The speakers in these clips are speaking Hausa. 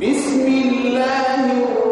بسم الله الرحمن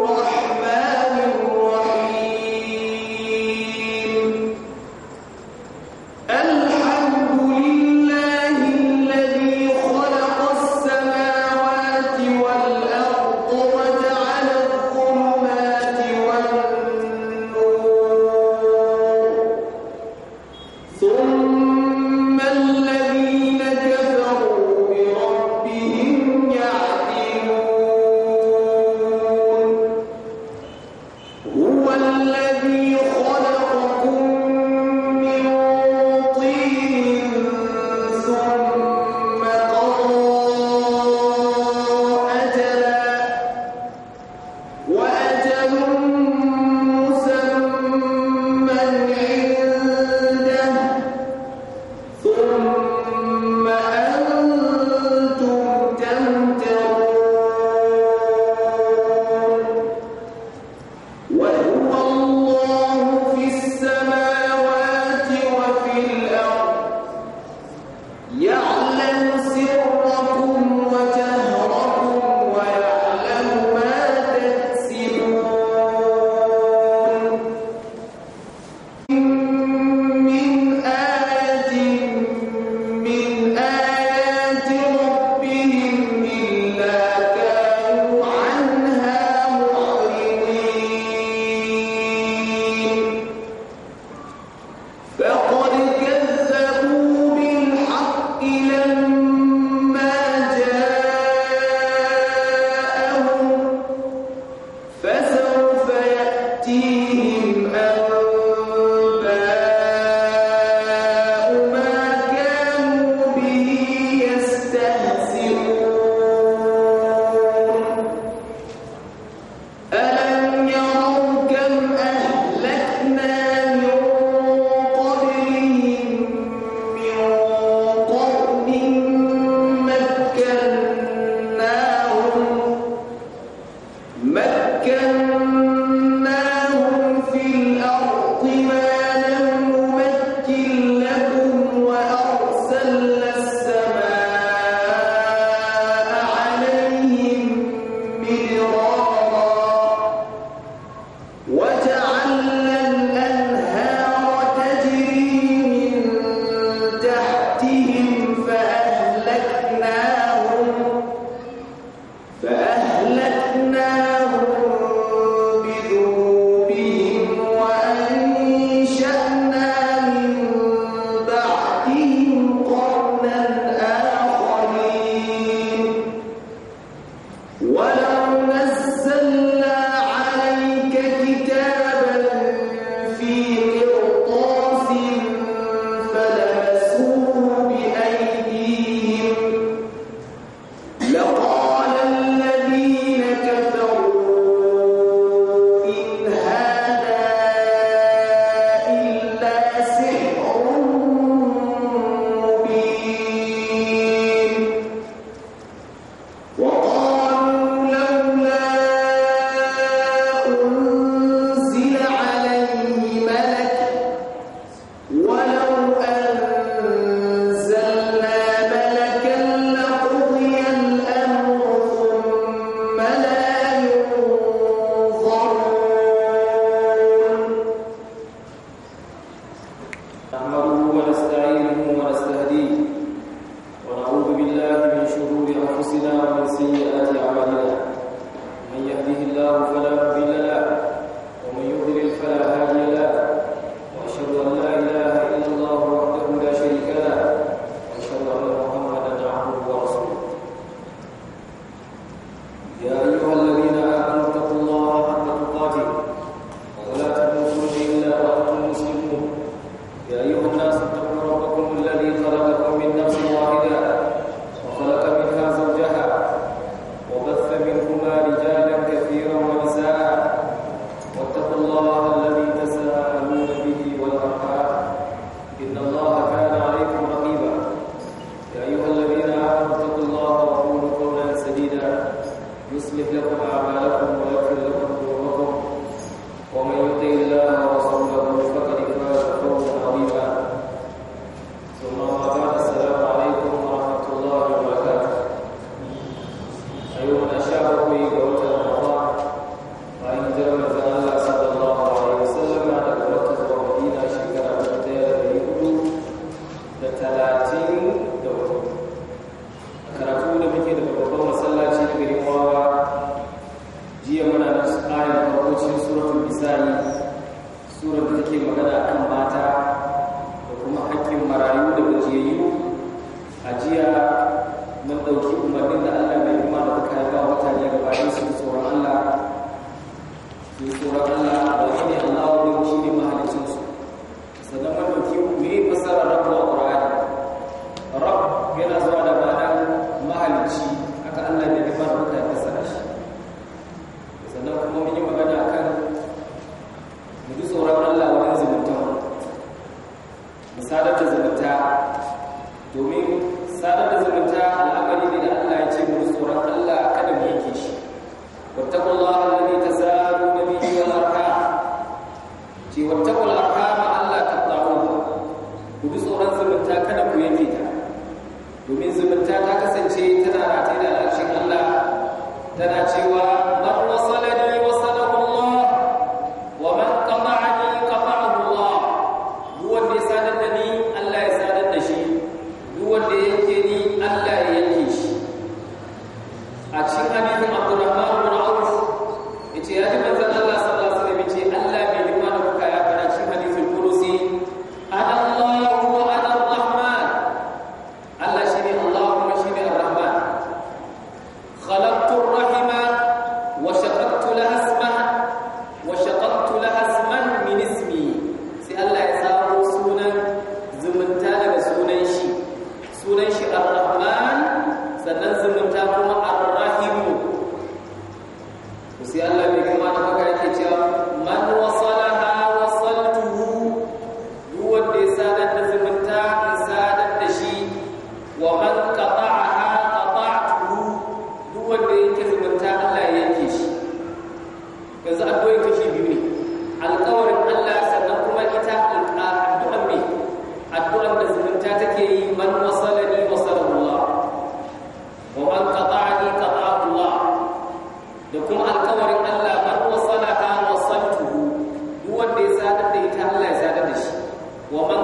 ومن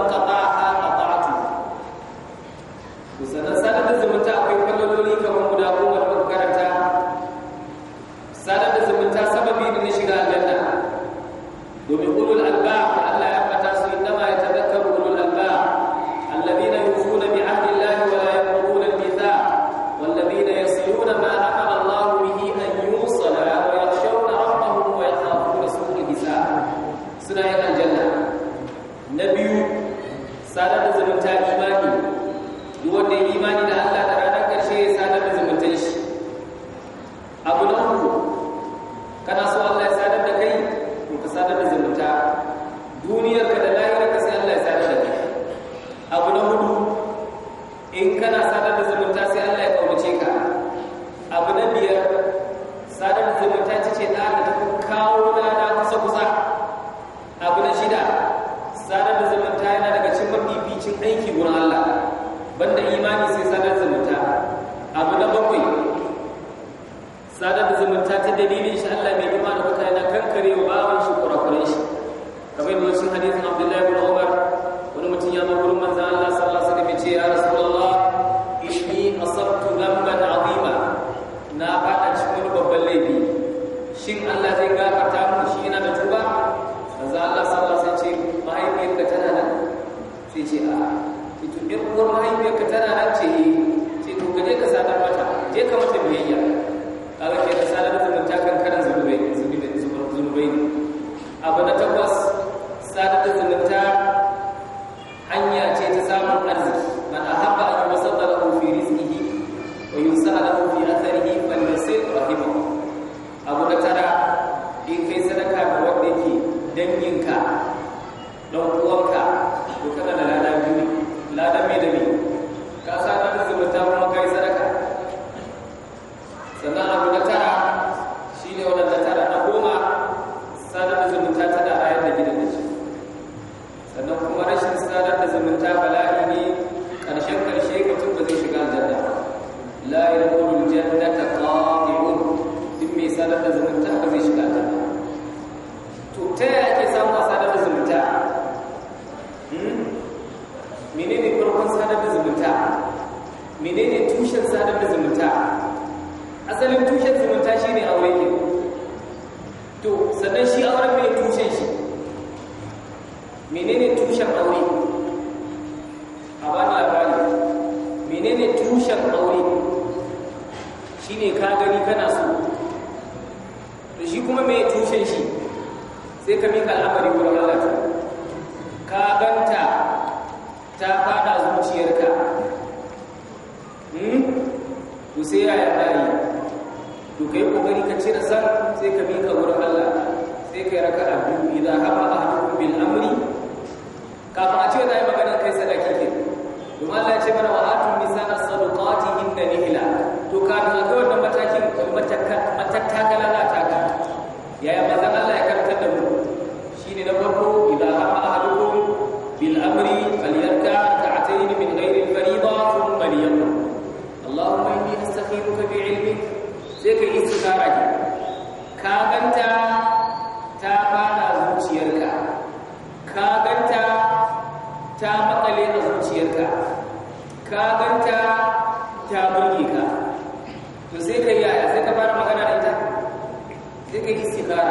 ka ganta ta burge ka to sai ka yi yaya sai ka fara magana da ita sai ka yi istikara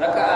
raka'a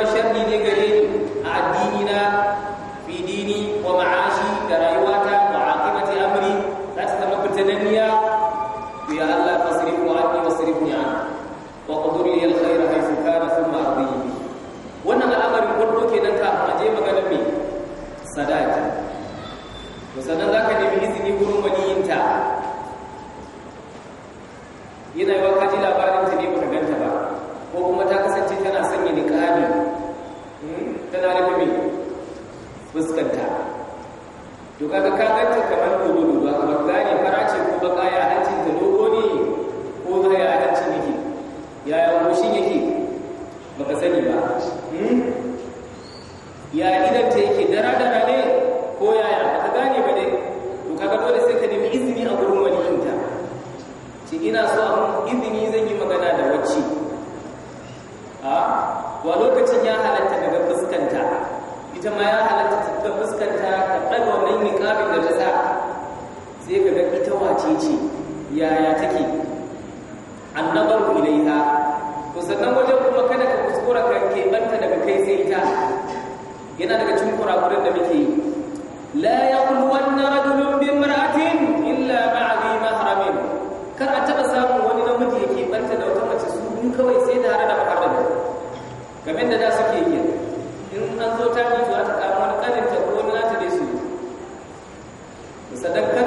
विमर्शन नीचे Ka ka ganta ce yaya take annabaru ilaiha to sannan wajen kuma kada ka kuskura ka keɓanta daga kai sai ita yana daga cikin kurakuran da muke la yaqulu yaqulwanna rajulun bi imra'atin illa ma'a bi mahramin kar a taba samun wani namiji ya keɓanta da wata mace su biyu kawai sai da har da maharrami kamar da da suke yi in an zo ta mutu za ta kama wani ƙarin ta ko na ta dai su sadaka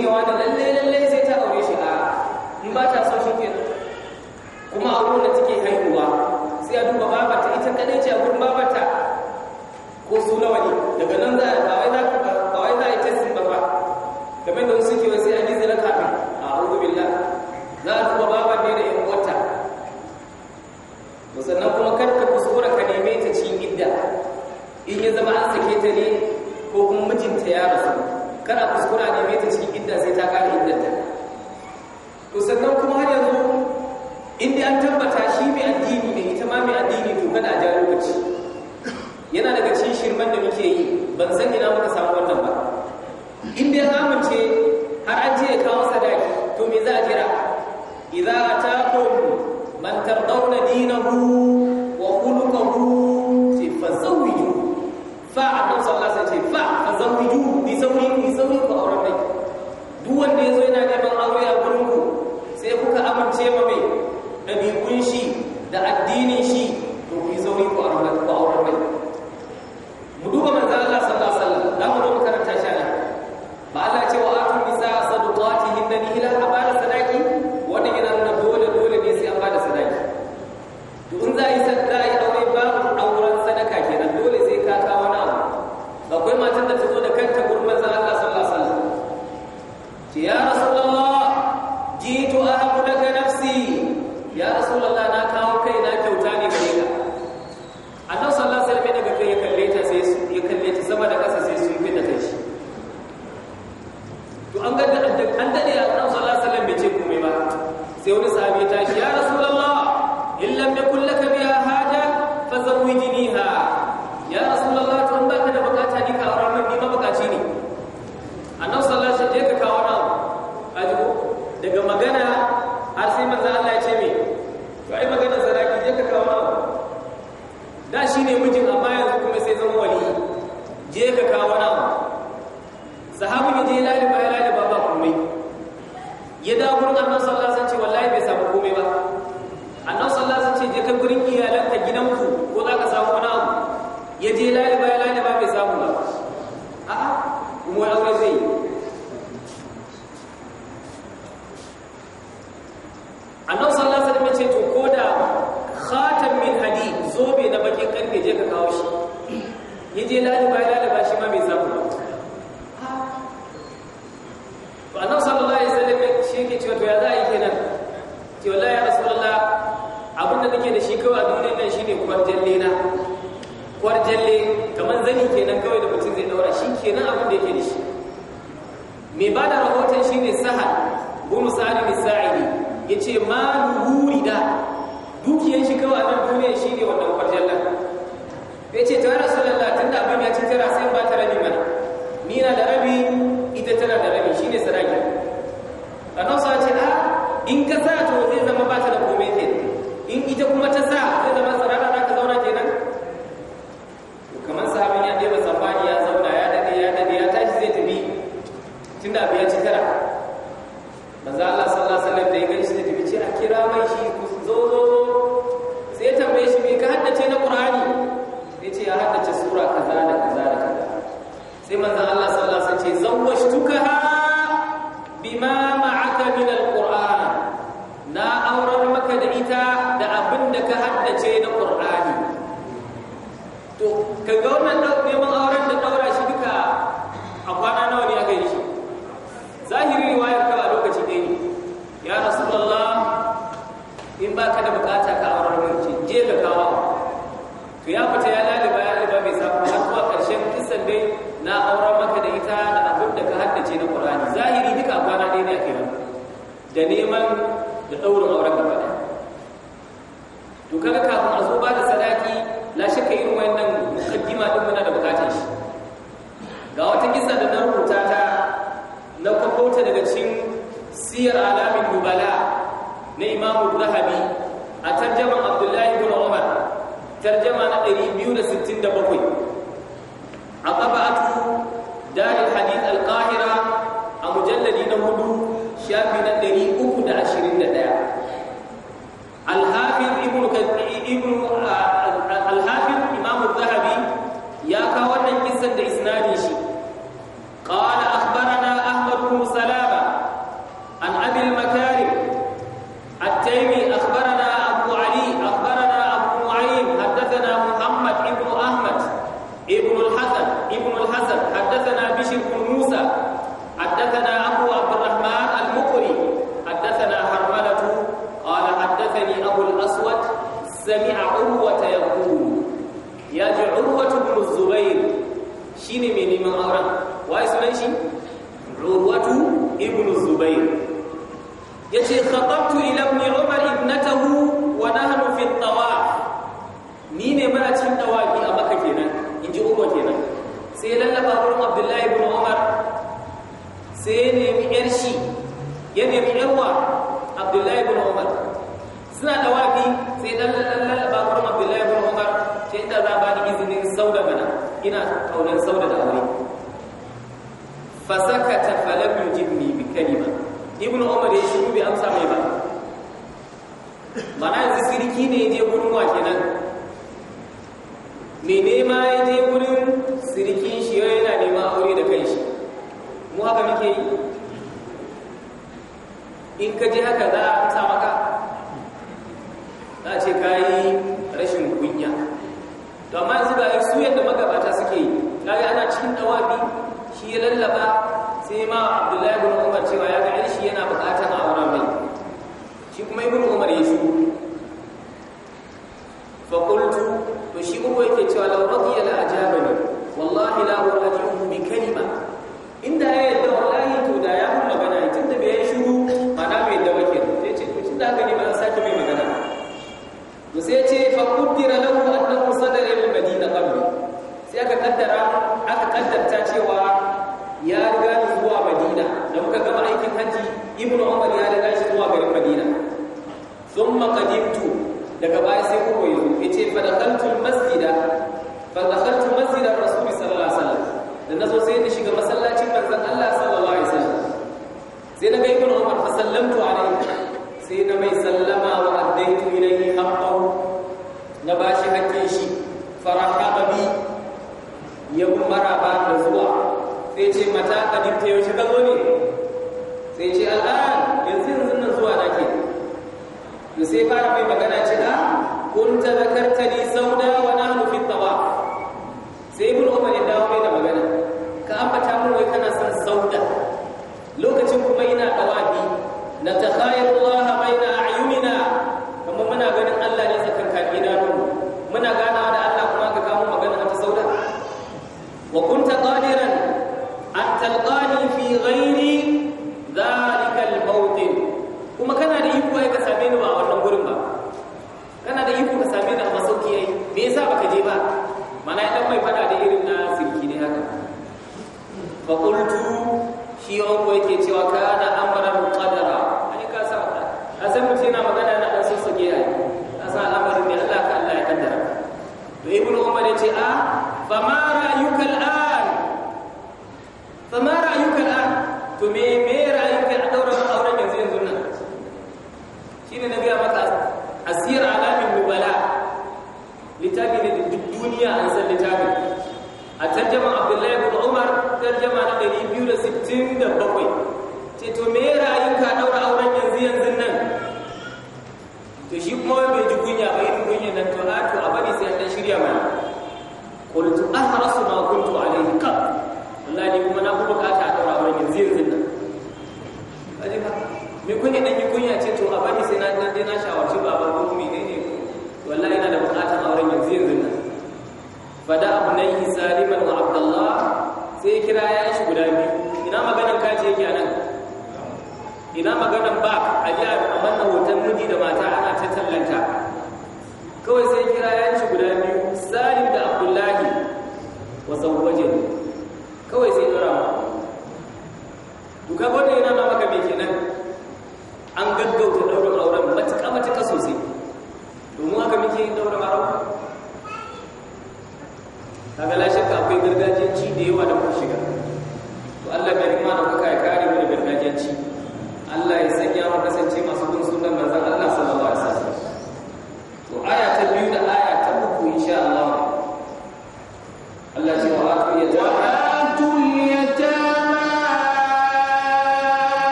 dogewa da lalle lalle sai ta aure shi a ba ta so shi kenan kuma a wurin da take haihuwa sai a duba babata ita kadai ce a wurin babata ko su nawa ne daga nan za a wai za ba wai za a yi testin ba ba kamar da wasu kewa sai a gizo na kafin a hudu billah za a duba babar ne da yan uwarta sannan kuma kar ka kuskura ka neme ta cikin idda in ya zama an sake ta ne ko kuma mijinta ya rasu kana kuskura ne فيها يا أصحاب ibnu umar ya shiru bai amsa mai ba mana yanzu sirki ne je gurin wa kenan mai nema ya je gurin sirkin shi yau yana neman aure da kai shi mu haka muke yi in ka je haka za a kaddara aka kaddarta cewa ya riga zuwa madina da muka gama aikin hajji ibnu umar ya riga shi zuwa garin madina thumma qadimtu daga baya sai kuma yazo yace fa dakhaltu masjida fa dakhaltu masjida rasul sallallahu alaihi wasallam da nazo sai na shiga masallacin manzon Allah sallallahu alaihi wasallam sai na ga ibnu umar fa sallamtu alaihi sai na mai ɗinta yaushe ka zo ne sai ce al'an yanzu yanzu nan zuwa na ke da sai fara mai magana ce a kun ta zakarta ni sau da wa na sai ibn umar ya dawo mai da magana ka ambata mun wai kana son sauda lokacin kuma ina dawabi na ta takhayyaru me kenan an gaggauta daurin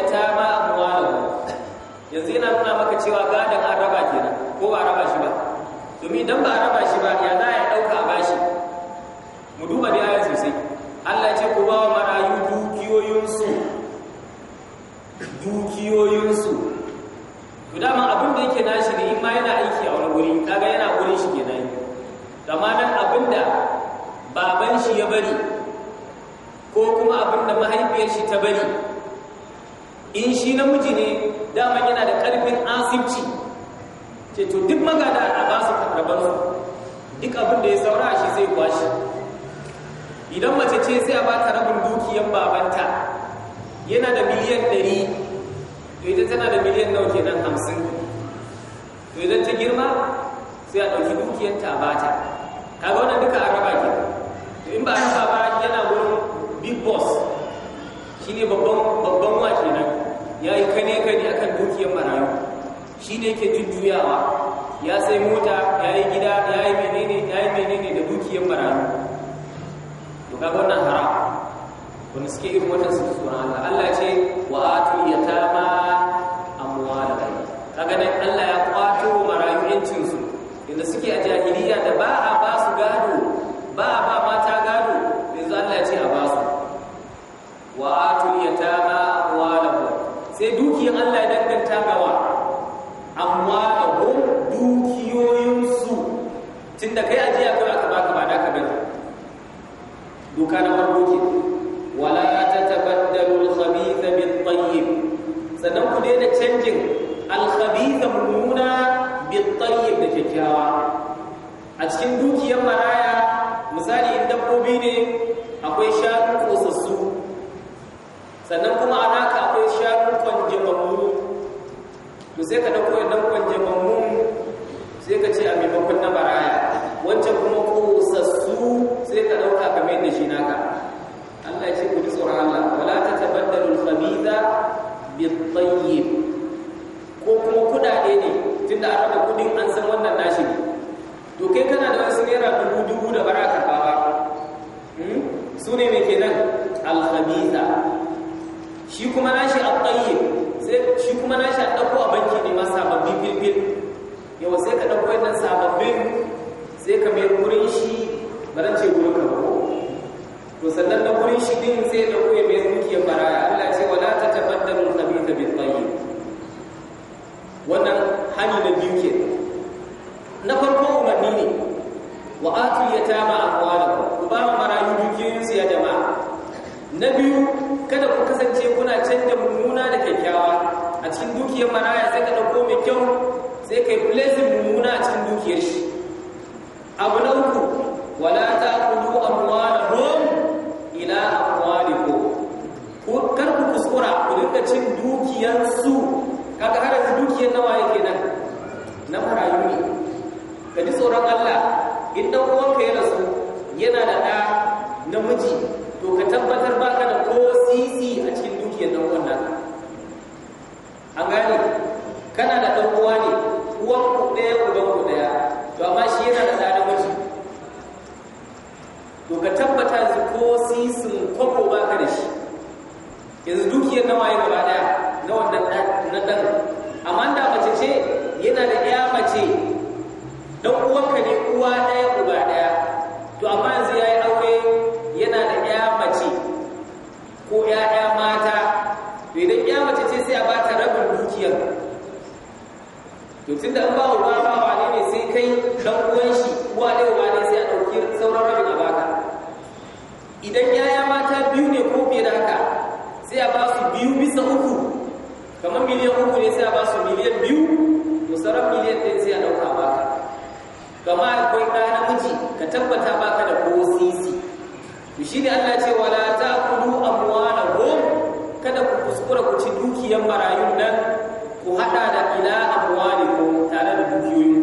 yatama amwalahu yanzu yana nuna maka cewa gadan an raba kenan ko ba raba shi ba domin idan ba raba shi ba ya za ya dauka a bashi mu duba da ayan sosai Allah ce ku ba wa marayu dukiyoyinsu dukiyoyinsu to dama abin da yake nashi ne in ma yana aiki a wani guri kaga yana gurin shi kenan amma nan abin da baban shi ya bari ko kuma abin da mahaifiyar shi ta bari in shi namiji ne daman yana da ƙarfin asibci ce to duk magada a ba su rabansu duk abin da ya saura shi zai kwashi idan mace ce sai a ba ta rabin dukiyan babanta yana da miliyan ɗari to ita tana da miliyan nawa kenan hamsin to idan ta girma sai a ɗauki dukiyanta a bata kaga wannan duka a raba ke to in ba a raba ba yana wurin big boss shine babban babban wa kenan ya yi kane kane a kan dukiyar marayu shi ne ke jujjuyawa ya sai mota ya yi gida ya yi menene ya yi menene da dukiyar marayu to ga wannan hara wani suke irin wannan su tsoron Allah Allah ce wa atul yatama amwalahum kaga nan Allah ya kwato marayu yancin su inda suke a jahiliya da ba a ba su gado ba a ba ma dukiyoyin Allah ya danganta gawa amma da dukiyoyinsu tun da kai ajiya kawai aka baka ba ka bane doka na farko ke wala tatabaddalu al-khabitha bit-tayyib sannan ku daina canjin al da mummuna bin tayyib da kyakkyawa a cikin dukiyar maraya misali dabbobi ne akwai shanu kosassu sannan kuma a sai ka ɗauko yadda kwanye mamun sai ka ce a maimakon na baraya wancan kuma kusassu sai ka ɗauka ka mai da shi naka Allah ya ce ku ji tsoron Allah wala ta tabbatar al-khabitha bit ko kuma kudade ne tunda an raba kudin an san wannan nashi ne to kai kana da wasu naira dubu dubu da bara karba ba hmm? su ne mai kenan al shi kuma nashi al shi kuma na sha ɗauko a banki ne ma sababbin filfil yawa sai ka ɗauko yadda sababbin sai ka mai wurin shi ba ce wurin ka ba to sannan na wurin shi din sai ɗauko ya tunda an ba wa ba ba wane ne sai kai dan uwan shi uwa da uwa ne sai a dauki sauran rabin a baka idan yaya mata biyu ne ko fiye da haka sai a ba su biyu bisa uku kamar miliyan uku ne sai a ba su miliyan biyu musarar miliyan ɗin sai a dauka baka kama akwai ɗa namiji ka tabbata baka da ko sisi shi ne Allah ce wala ta'kulu amwalahum kada ku kuskura ku ci dukiyar marayun nan ku hada da ila amwali tare da dukiyoyin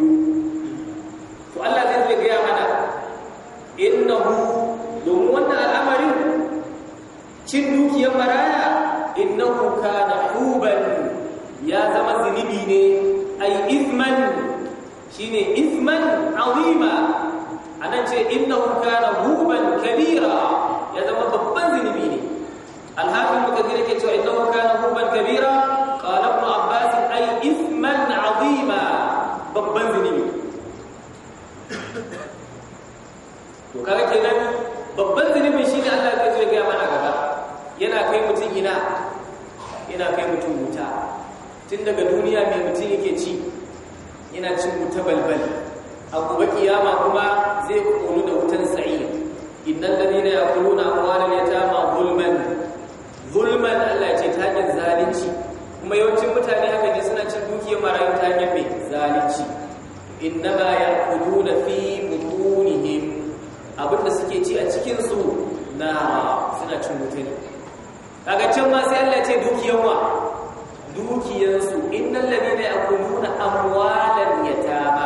to Allah zai zai gaya mana innahu domin wannan al'amarin cin dukiyar maraya innahu kana huban ya zama zunubi ne ai isman shine isman azima anan ce innahu kana huban kiyama kuma zai kunu da wutan sa'id innal ladina yaquluna amwalal yatama zulman zulman Allah ce ta hanyar zalunci kuma yawancin mutane haka ne suna cin dukiyar marayu ta hanyar mai zalunci innama yaquluna fi butunihim abinda suke ci a cikin su na suna cin mutane kaga can ma sai Allah ce dukiyar wa dukiyar su innal ladina yaquluna ya yatama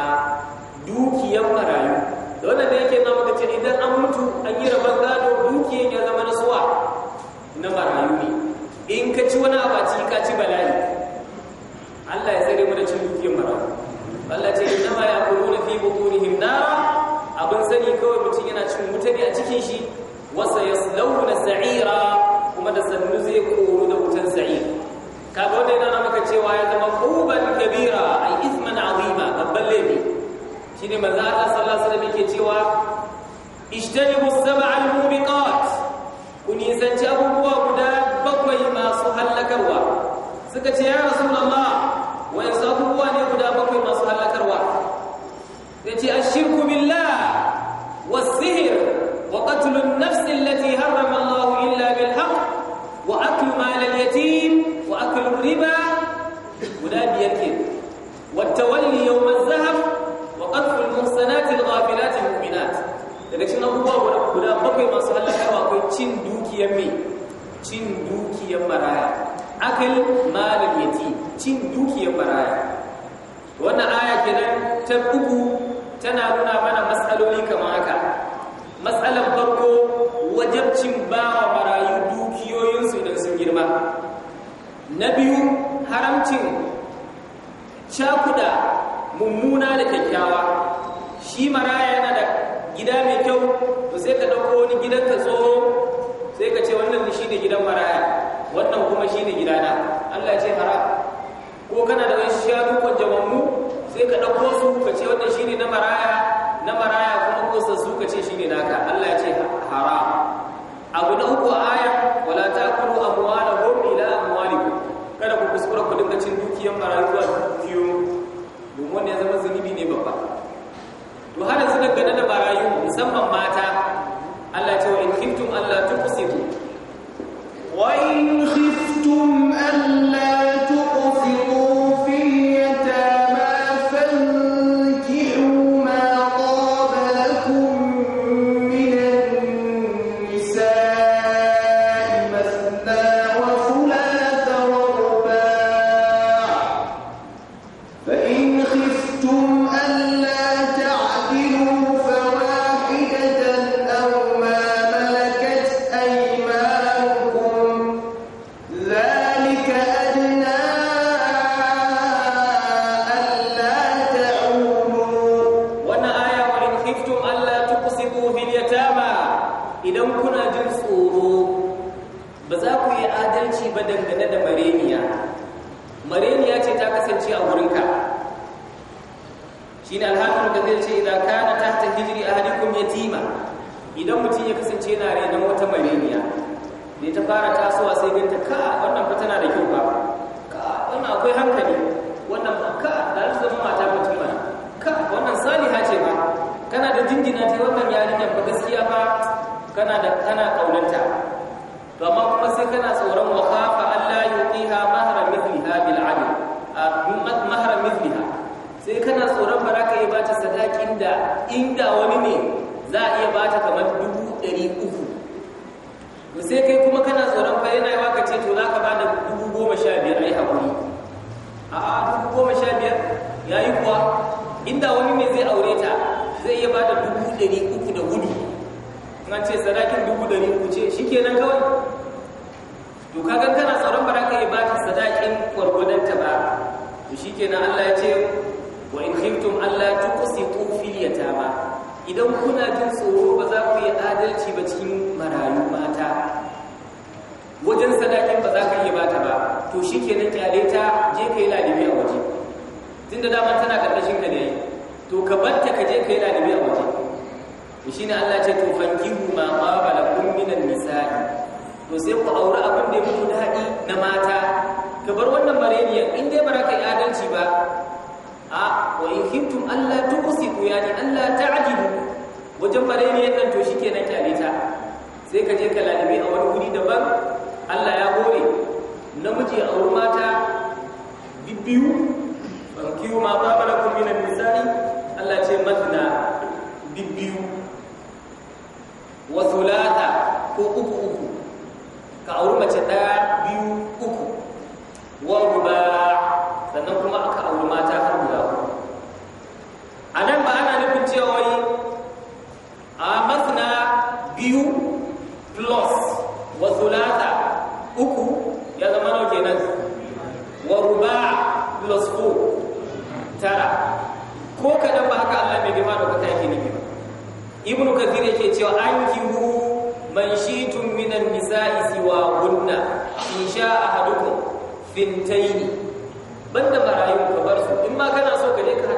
ci wani abu ka ci bala'i Allah ya tsare mana cin dukiyar marayu Allah ce inna ma yaquluna fi butunihim himna? abin sani kawai mutum yana cin wuta a cikin shi wasa na sa'ira kuma da sannu zai koru da wutan sa'ir kaga wanda yana maka cewa ya zama quban kabira ay isman azima babban laifi shine manzo Allah sallallahu alaihi wasallam yake cewa ijtanibu sab'a al-mubiqat kun yi zanci abubuwa suka ce ya rasulullah dukiyar baraya wannan aya kenan ta uku tana nuna mana matsaloli kamar haka matsalar farko wajabcin bawa marayu dukiyoyinsu idan sun girma na biyu haramcin cakuda mummuna da kyakkyawa shi maraya yana da gida mai kyau to sai ka ɗauko wani gidan ka tsoro sai ka ce wannan shi ne gidan maraya wannan kuma shi ne gidana Allah ce haram ko kana da wani shanu kwanjamammu sai ka ɗauko su ka ce wannan shine na maraya na maraya kuma sa su ka ce shine naka Allah ya ce haram abu na uku aya wala ta'kulu amwalahum ila amwalikum kada ku kuskura ku dinga cin dukiyan marayu zuwa dukiyo domin wannan ya zama zunubi ne babba to har yanzu dangane da marayu musamman mata sai kai kuma kana tsoron fa yana yawa ka ce to za ka ba da dubu goma sha biyar a yi haƙuri a dubu goma sha biyar ya yi kuwa inda wani ne zai aure ta zai iya ba da dubu ɗari uku da gudu an ce sadakin dubu ɗari uku ce shi kenan kawai to kaga kana tsoron ba za ka yi ba ta sadakin gwargwadonta ba to shi kenan allah ya ce wa in khiftum alla tuqsitu fil ba idan kuna jin tsoro ba za ku yi adalci ba cikin marayu mata ka iya bata ba to shi ke nan kyale ta je ka yi lalibi a waje tunda dama tana karkashin ka ne to ka barta ka je ka yi lalibi a waje shi ne Allah ce to fankihu ma qaba lakum minan nisa'i to sai ku aure abin da ya da daɗi na mata ka bar wannan mareniya in dai ba za ka yi adalci ba a wa in khiftum alla yaji yani ta ta'dilu wajen mareniyan nan to shikenan kyale ta sai ka je ka lalibi a wani wuri daban Allah ya gore namiji a wurin mata biyu kiwo ma ba ba kun minan nisa'i Allah ce matna biyu wa lata ko uku uku ka auri mace daya biyu uku wa ruba sannan kuma aka auri mata har guda uku anan ba ana nufin cewa yi a matna biyu plus wa lata. uku ya zama nawa kenan wa ruba plus four tara ko kaɗan ba haka Allah mai girma da kuka yake nufi ba ibn kathir yake cewa an kihu man shitun minan nisa'i siwa gunna in sha ahadukum fintaini banda marayu ka bar su in ma kana so ka je ka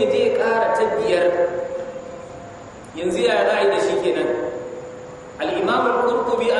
ya zai ƙara ta biyar yanzu ya ra'ayi da shi kenan al-imam al-qurtubi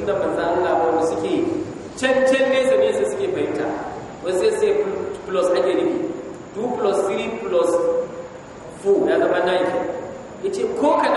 sunnar manzan Allah ba wanda suke can can nesa nesa suke fahimta wani sai sai plus ake nufi 2 plus 3 plus 4 ya zama 9 ce ko ka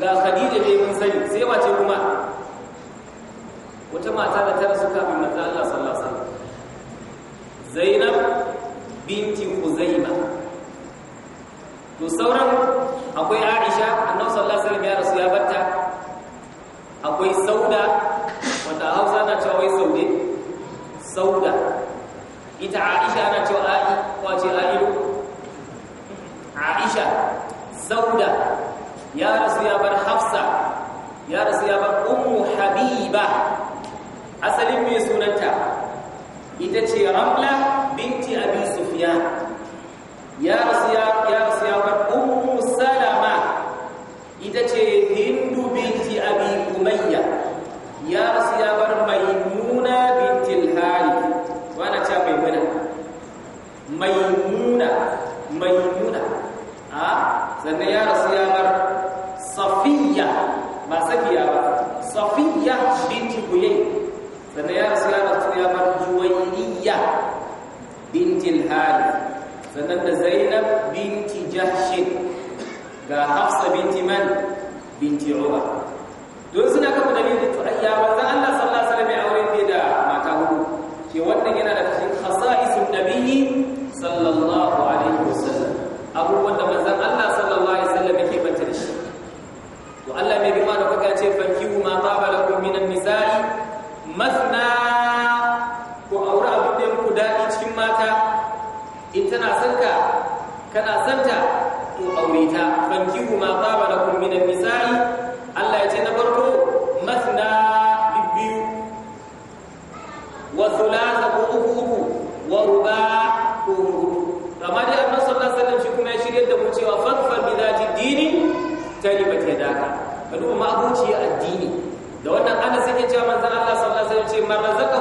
ga khadija dai mun sani sai wace kuma wata mata da ta rasu kafin manzo Allah sallallahu alaihi wasallam Zainab binti Khuzaima to sauran akwai Aisha annabi sallallahu alaihi wasallam ya rasu ya barta akwai Sauda wanda Hausa na cewa wai Saude Sauda ita Aisha na cewa Ai wace Ailu Aisha Sauda ya rasu Yeah, ga hafsa binti man binti uba fankihu ma taba lakum min an-nisa'i Allah ya ce na farko masna biyu wa thulatha ko uku wa ruba ko hudu amma dai Annabi sallallahu alaihi wasallam shi kuma ya shirye da mu cewa fadfa bi zati dini talibat yadaka ka duba ma abuci addini da wannan ana sake cewa manzon Allah sallallahu alaihi wasallam ce marzak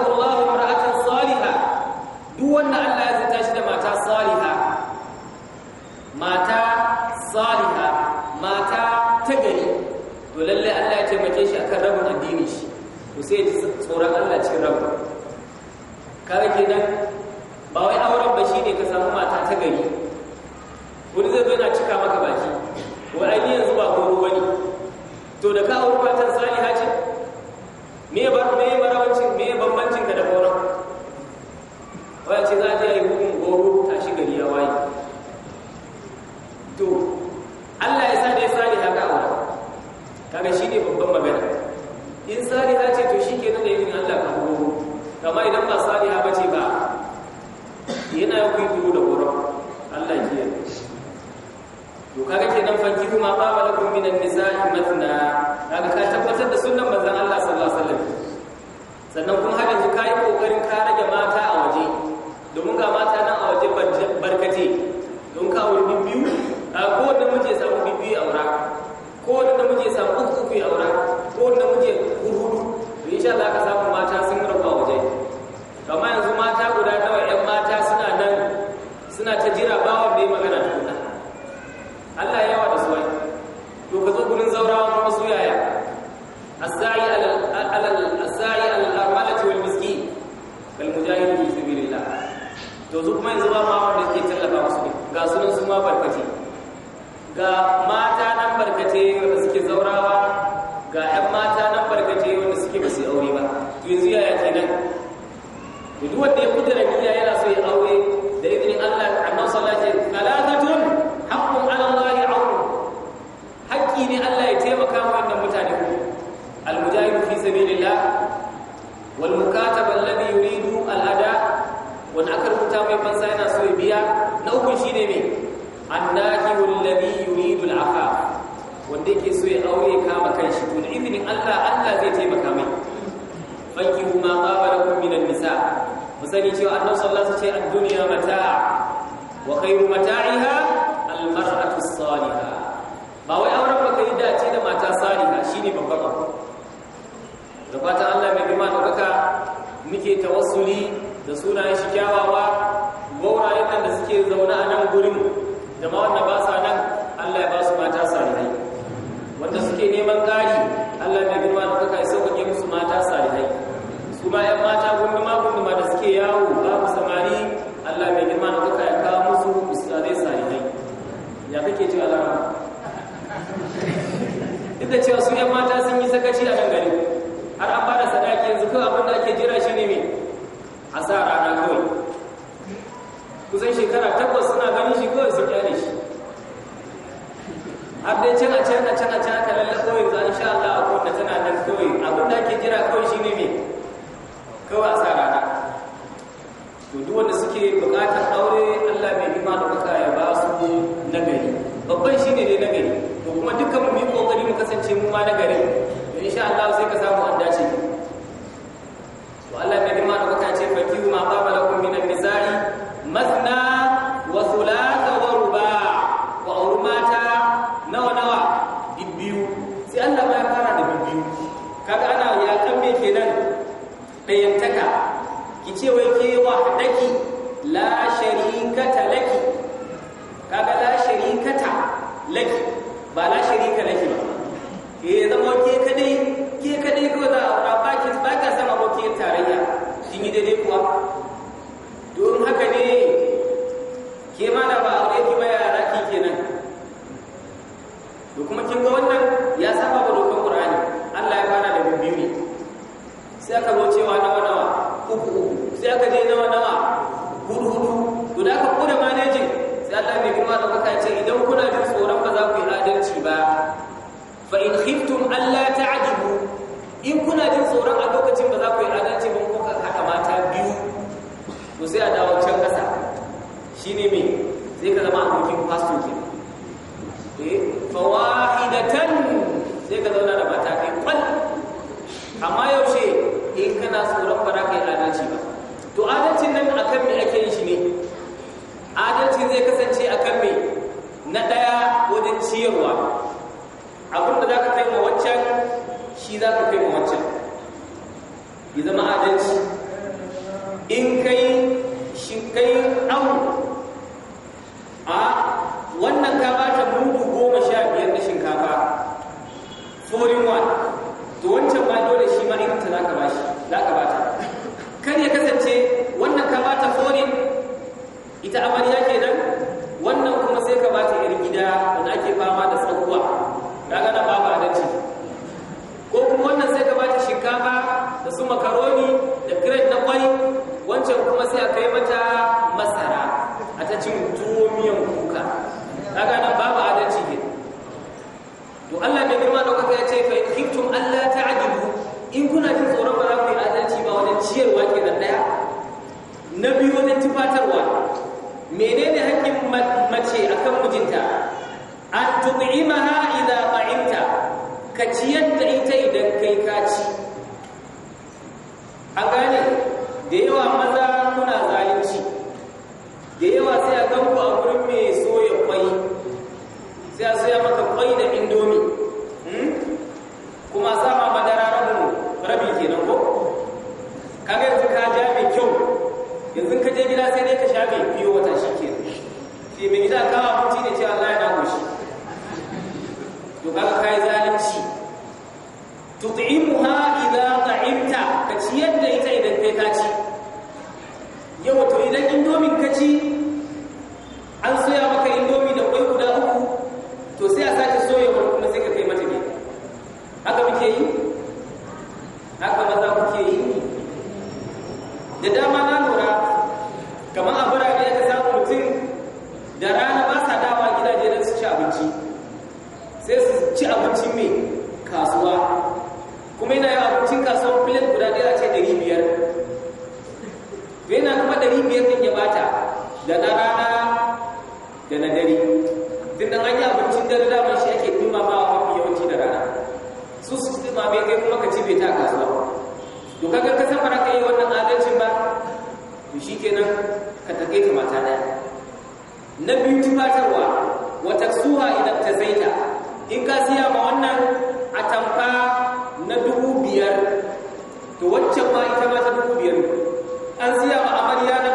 tufatarwa wa taksuha idan ta zaita in ka siya ma wannan atamfa na dubu biyar to wacce ma ita ma ta dubu biyar an siya ma amarya na